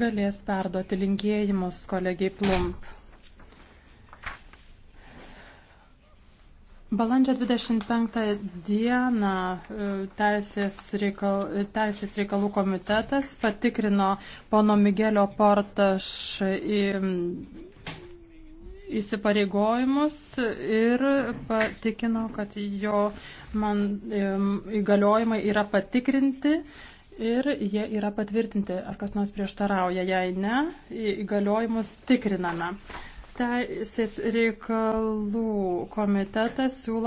galės perduoti linkėjimus kolegiai Plump. Balandžio 25 dieną e, Teisės, reikal, Teisės reikalų komitetas patikrino pono Migelio Portaš į, įsipareigojimus ir patikino, kad jo man e, įgaliojimai yra patikrinti ir jie yra patvirtinti. Ar kas nors prieštarauja, jei ne, įgaliojimus tikriname. Teisės reikalų komitetas siūlo